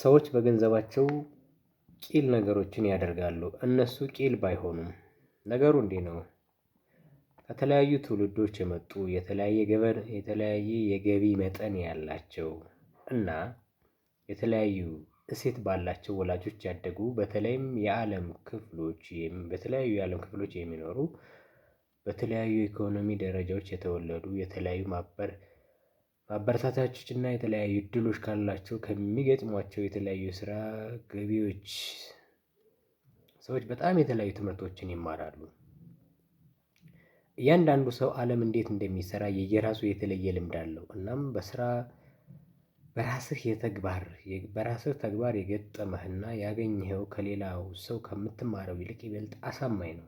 ሰዎች በገንዘባቸው ቂል ነገሮችን ያደርጋሉ። እነሱ ቂል ባይሆኑም ነገሩ እንዲህ ነው። ከተለያዩ ትውልዶች የመጡ የተለያየ ገበር የተለያየ የገቢ መጠን ያላቸው እና የተለያዩ እሴት ባላቸው ወላጆች ያደጉ በተለይም የዓለም ክፍሎች በተለያዩ የዓለም ክፍሎች የሚኖሩ በተለያዩ ኢኮኖሚ ደረጃዎች የተወለዱ የተለያዩ ማበር በአበረታታቾች እና የተለያዩ እድሎች ካላቸው ከሚገጥሟቸው የተለያዩ የስራ ገቢዎች ሰዎች በጣም የተለያዩ ትምህርቶችን ይማራሉ። እያንዳንዱ ሰው አለም እንዴት እንደሚሰራ የየራሱ የተለየ ልምድ አለው። እናም በስራ በራስህ የተግባር በራስህ ተግባር የገጠመህና ያገኘኸው ከሌላው ሰው ከምትማረው ይልቅ ይበልጥ አሳማኝ ነው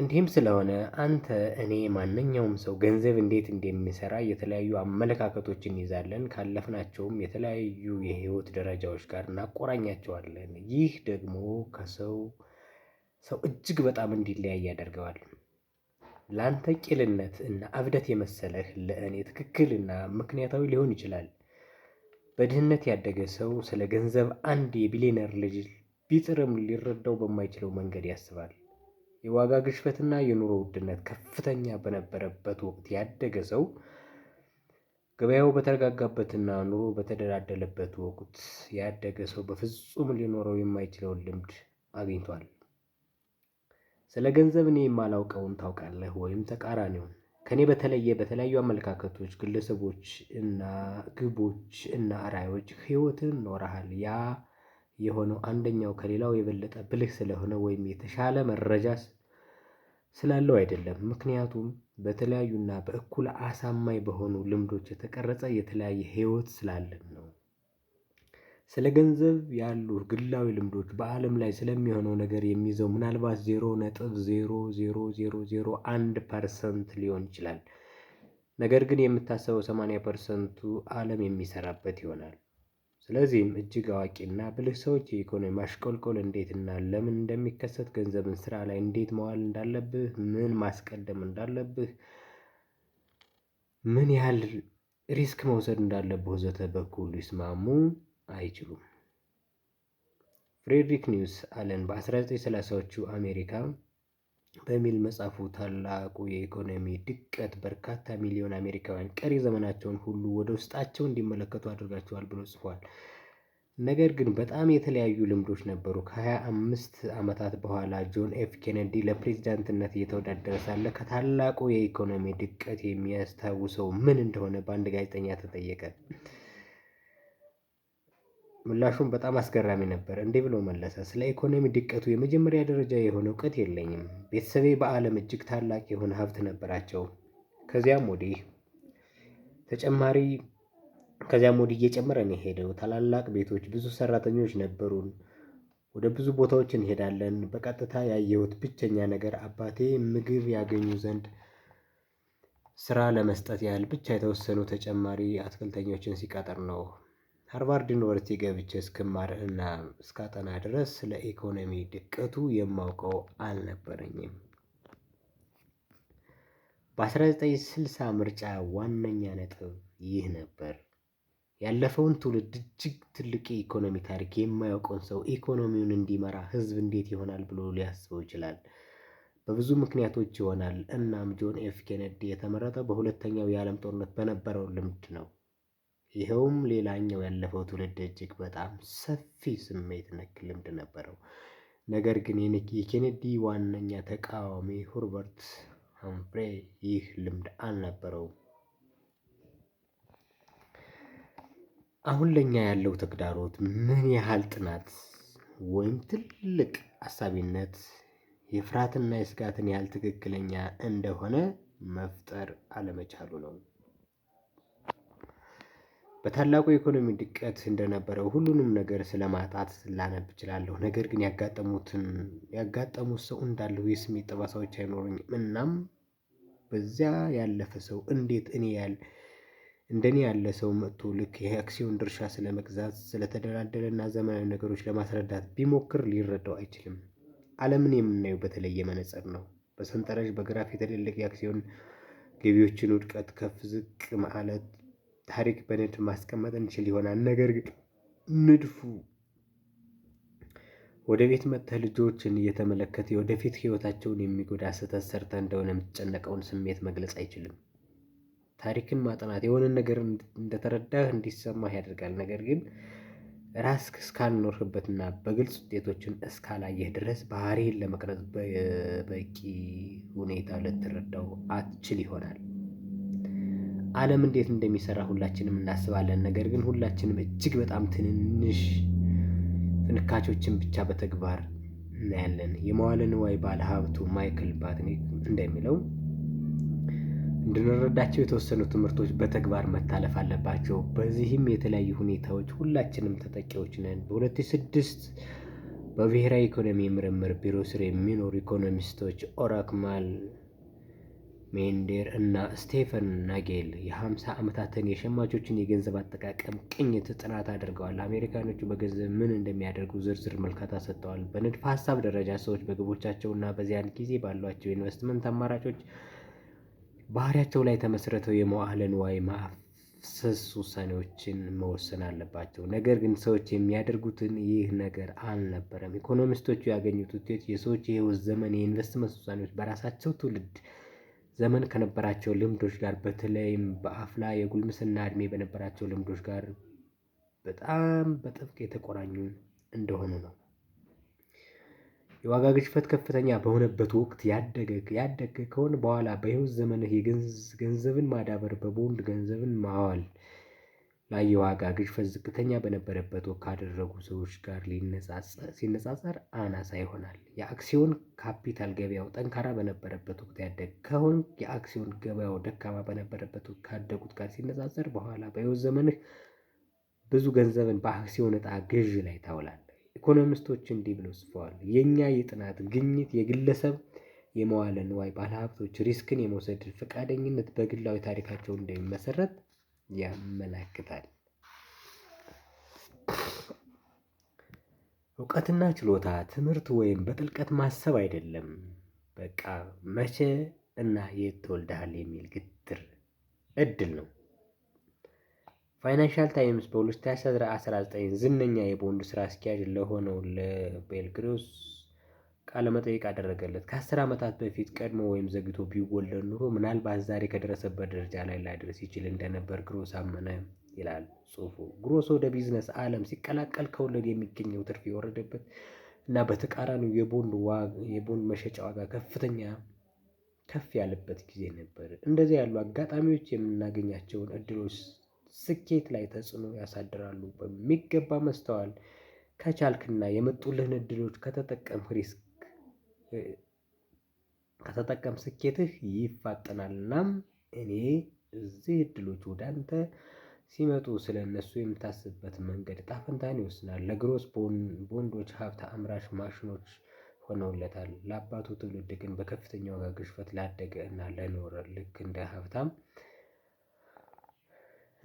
እንዲህም ስለሆነ አንተ እኔ ማንኛውም ሰው ገንዘብ እንዴት እንደሚሰራ የተለያዩ አመለካከቶችን እንይዛለን። ካለፍናቸውም የተለያዩ የህይወት ደረጃዎች ጋር እናቆራኛቸዋለን። ይህ ደግሞ ከሰው ሰው እጅግ በጣም እንዲለያይ ያደርገዋል። ለአንተ ቂልነት እና እብደት የመሰለህ ለእኔ ትክክልና ምክንያታዊ ሊሆን ይችላል። በድህነት ያደገ ሰው ስለ ገንዘብ አንድ የቢሊነር ልጅ ቢጥርም ሊረዳው በማይችለው መንገድ ያስባል። የዋጋ ግሽበትና የኑሮ ውድነት ከፍተኛ በነበረበት ወቅት ያደገ ሰው ገበያው በተረጋጋበትና ኑሮ በተደላደለበት ወቅት ያደገ ሰው በፍጹም ሊኖረው የማይችለውን ልምድ አግኝቷል። ስለ ገንዘብ እኔ የማላውቀውን ታውቃለህ ወይም ተቃራኒውን ከእኔ በተለየ በተለያዩ አመለካከቶች ግለሰቦች እና ግቦች እና ራዕዮች ህይወትን ኖረሃል ያ የሆነው አንደኛው ከሌላው የበለጠ ብልህ ስለሆነ ወይም የተሻለ መረጃ ስላለው አይደለም። ምክንያቱም በተለያዩና በእኩል አሳማኝ በሆኑ ልምዶች የተቀረጸ የተለያየ ህይወት ስላለን ነው። ስለ ገንዘብ ያሉ ግላዊ ልምዶች በዓለም ላይ ስለሚሆነው ነገር የሚይዘው ምናልባት ዜሮ ነጥብ ዜሮ ዜሮ ዜሮ ዜሮ አንድ ፐርሰንት ሊሆን ይችላል። ነገር ግን የምታሰበው ሰማንያ ፐርሰንቱ ዓለም የሚሰራበት ይሆናል። ስለዚህም እጅግ አዋቂና ብልህ ሰዎች የኢኮኖሚ ማሽቆልቆል እንዴትና ለምን እንደሚከሰት፣ ገንዘብን ስራ ላይ እንዴት መዋል እንዳለብህ፣ ምን ማስቀደም እንዳለብህ፣ ምን ያህል ሪስክ መውሰድ እንዳለብህ ወዘተ በኩል ሊስማሙ አይችሉም። ፍሬድሪክ ኒውስ አለን በ1930ዎቹ አሜሪካ በሚል መጽሐፉ ታላቁ የኢኮኖሚ ድቀት በርካታ ሚሊዮን አሜሪካውያን ቀሪ ዘመናቸውን ሁሉ ወደ ውስጣቸው እንዲመለከቱ አድርጋቸዋል ብሎ ጽፏል። ነገር ግን በጣም የተለያዩ ልምዶች ነበሩ። ከሀያ አምስት ዓመታት በኋላ ጆን ኤፍ ኬነዲ ለፕሬዚዳንትነት እየተወዳደረ ሳለ ከታላቁ የኢኮኖሚ ድቀት የሚያስታውሰው ምን እንደሆነ በአንድ ጋዜጠኛ ተጠየቀ። ምላሹም በጣም አስገራሚ ነበር። እንዲህ ብሎ መለሰ። ስለ ኢኮኖሚ ድቀቱ የመጀመሪያ ደረጃ የሆነ እውቀት የለኝም። ቤተሰቤ በዓለም እጅግ ታላቅ የሆነ ሀብት ነበራቸው። ከዚያም ወዲህ ተጨማሪ ከዚያም ወዲህ እየጨመረ ነው የሄደው። ታላላቅ ቤቶች፣ ብዙ ሰራተኞች ነበሩን። ወደ ብዙ ቦታዎች እንሄዳለን። በቀጥታ ያየሁት ብቸኛ ነገር አባቴ ምግብ ያገኙ ዘንድ ስራ ለመስጠት ያህል ብቻ የተወሰኑ ተጨማሪ አትክልተኞችን ሲቀጥር ነው። ሃርቫርድ ዩኒቨርሲቲ ገብቼ እስክማር እና እስካጠና ድረስ ስለ ኢኮኖሚ ድቀቱ የማውቀው አልነበረኝም። በ1960 ምርጫ ዋነኛ ነጥብ ይህ ነበር። ያለፈውን ትውልድ እጅግ ትልቅ የኢኮኖሚ ታሪክ የማያውቀውን ሰው ኢኮኖሚውን እንዲመራ ህዝብ እንዴት ይሆናል ብሎ ሊያስበው ይችላል? በብዙ ምክንያቶች ይሆናል። እናም ጆን ኤፍ ኬነዲ የተመረጠው በሁለተኛው የዓለም ጦርነት በነበረው ልምድ ነው። ይኸውም ሌላኛው ያለፈው ትውልድ እጅግ በጣም ሰፊ ስሜት ነክ ልምድ ነበረው። ነገር ግን የኬኔዲ ዋነኛ ተቃዋሚ ሁርበርት ሃምፍሬ ይህ ልምድ አልነበረውም። አሁን ለኛ ያለው ተግዳሮት ምን ያህል ጥናት ወይም ትልቅ አሳቢነት የፍርሃትና የስጋትን ያህል ትክክለኛ እንደሆነ መፍጠር አለመቻሉ ነው። በታላቁ የኢኮኖሚ ድቀት እንደነበረው ሁሉንም ነገር ስለማጣት ላነብ እችላለሁ። ነገር ግን ያጋጠሙትን ያጋጠሙት ሰው እንዳለው የስሜት ጠባሳዎች አይኖሩኝም። እናም በዚያ ያለፈ ሰው እንዴት እኔ ያል እንደኔ ያለ ሰው መጥቶ ልክ የአክሲዮን ድርሻ ስለመግዛት ስለተደላደለና ዘመናዊ ነገሮች ለማስረዳት ቢሞክር ሊረዳው አይችልም። ዓለምን የምናየው በተለየ መነፅር ነው። በሰንጠረዥ በግራፍ የተደለቀ የአክሲዮን ገቢዎችን ውድቀት ከፍ ዝቅ ማለት ታሪክ በንድፍ ማስቀመጥ እንችል ይሆናል። ነገር ግን ንድፉ ወደ ቤት መጥተህ ልጆችን እየተመለከተ የወደፊት ህይወታቸውን የሚጎዳ ስህተት ሰርተ እንደሆነ የምትጨነቀውን ስሜት መግለጽ አይችልም። ታሪክን ማጥናት የሆነን ነገር እንደተረዳህ እንዲሰማህ ያደርጋል። ነገር ግን ራስ እስካልኖርህበትና በግልጽ ውጤቶችን እስካላየህ ድረስ ባህሪህን ለመቅረጽ በቂ ሁኔታ ልትረዳው አትችል ይሆናል። ዓለም እንዴት እንደሚሰራ ሁላችንም እናስባለን። ነገር ግን ሁላችንም እጅግ በጣም ትንንሽ ፍንካቾችን ብቻ በተግባር እናያለን። የመዋለ ንዋይ ባለ ሀብቱ ማይክል ባትኒክ እንደሚለው እንድንረዳቸው የተወሰኑ ትምህርቶች በተግባር መታለፍ አለባቸው። በዚህም የተለያዩ ሁኔታዎች ሁላችንም ተጠቂዎች ነን። በ2006 በብሔራዊ ኢኮኖሚ ምርምር ቢሮ ስር የሚኖሩ ኢኮኖሚስቶች ኦራክማል ሜንዴር እና ስቴፈን ናጌል የ50 ዓመታትን የሸማቾችን የገንዘብ አጠቃቀም ቅኝት ጥናት አድርገዋል። አሜሪካኖቹ በገንዘብ ምን እንደሚያደርጉ ዝርዝር መልካታ ሰጥተዋል። በንድፈ ሀሳብ ደረጃ ሰዎች በግቦቻቸው እና በዚያን ጊዜ ባሏቸው የኢንቨስትመንት አማራጮች ባህሪያቸው ላይ ተመስርተው የመዋዕለ ንዋይ ማፍሰስ ውሳኔዎችን መወሰን አለባቸው። ነገር ግን ሰዎች የሚያደርጉትን ይህ ነገር አልነበረም። ኢኮኖሚስቶቹ ያገኙት ውጤት የሰዎች የህይወት ዘመን የኢንቨስትመንት ውሳኔዎች በራሳቸው ትውልድ ዘመን ከነበራቸው ልምዶች ጋር በተለይም በአፍላ የጉልምስና እድሜ በነበራቸው ልምዶች ጋር በጣም በጥብቅ የተቆራኙ እንደሆኑ ነው። የዋጋ ግሽፈት ከፍተኛ በሆነበት ወቅት ያደገ ያደገ ከሆነ በኋላ በህይወት ዘመንህ የገንዘብን ማዳበር በቦንድ ገንዘብን ማዋል ላይ የዋጋ ግሽበት ዝቅተኛ በነበረበት ወቅት ካደረጉ ሰዎች ጋር ሲነጻጸር አናሳ ይሆናል። የአክሲዮን ካፒታል ገበያው ጠንካራ በነበረበት ወቅት ያደገ ከሆን የአክሲዮን ገበያው ደካማ በነበረበት ወቅት ካደጉት ጋር ሲነጻጸር በኋላ በሕይወት ዘመንህ ብዙ ገንዘብን በአክሲዮን ዕጣ ግዥ ላይ ታውላለህ። ኢኮኖሚስቶች እንዲህ ብለው ጽፈዋል። የእኛ የጥናት ግኝት የግለሰብ የመዋለ ንዋይ ባለሀብቶች ሪስክን የመውሰድ ፈቃደኝነት በግላዊ ታሪካቸው እንደሚመሰረት ያመለክታል። እውቀትና ችሎታ ትምህርት ወይም በጥልቀት ማሰብ አይደለም። በቃ መቼ እና የት ትወልደሃል የሚል ግትር እድል ነው። ፋይናንሻል ታይምስ በ2019 ዝነኛ የቦንድ ስራ አስኪያጅ ለሆነው ለቤልግሮስ መጠይቅ አደረገለት። ከአስር ዓመታት በፊት ቀድሞ ወይም ዘግቶ ቢወለድ ኑሮ ምናልባት ዛሬ ከደረሰበት ደረጃ ላይ ላይደርስ ይችል እንደነበር ግሮስ አመነ ይላል ጽሁፉ ግሮስ ወደ ቢዝነስ ዓለም ሲቀላቀል ከወለድ የሚገኘው ትርፍ የወረደበት እና በተቃራኒው የቦንድ መሸጫ ዋጋ ከፍተኛ ከፍ ያለበት ጊዜ ነበር። እንደዚህ ያሉ አጋጣሚዎች የምናገኛቸውን እድሎች ስኬት ላይ ተጽዕኖ ያሳድራሉ። በሚገባ መስተዋል ከቻልክና የመጡልህን እድሎች ከተጠቀምህ ሪስክ ከተጠቀም ስኬትህ ይፋጠናል። እናም እኔ እዚህ እድሎች ወደ አንተ ሲመጡ ስለ እነሱ የምታስብበት መንገድ ጣፍንታን ይወስናል። ለግሮስ ቦንዶች ሀብት አምራች ማሽኖች ሆነውለታል። ለአባቱ ትውልድ ግን በከፍተኛ ዋጋ ላደገ እና ለኖረ ልክ እንደ ሀብታም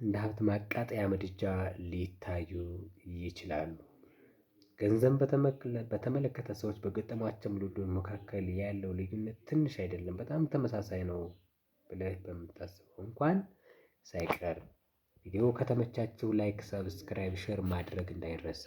እንደ ሀብት ማቃጠያ ምድጃ ሊታዩ ይችላሉ። ገንዘብ በተመለከተ ሰዎች በገጠሟቸው ልዑሎች መካከል ያለው ልዩነት ትንሽ አይደለም፣ በጣም ተመሳሳይ ነው ብለህ በምታስበው እንኳን ሳይቀር። ቪዲዮ ከተመቻችሁ ላይክ፣ ሰብስክራይብ፣ ሼር ማድረግ እንዳይረሳ።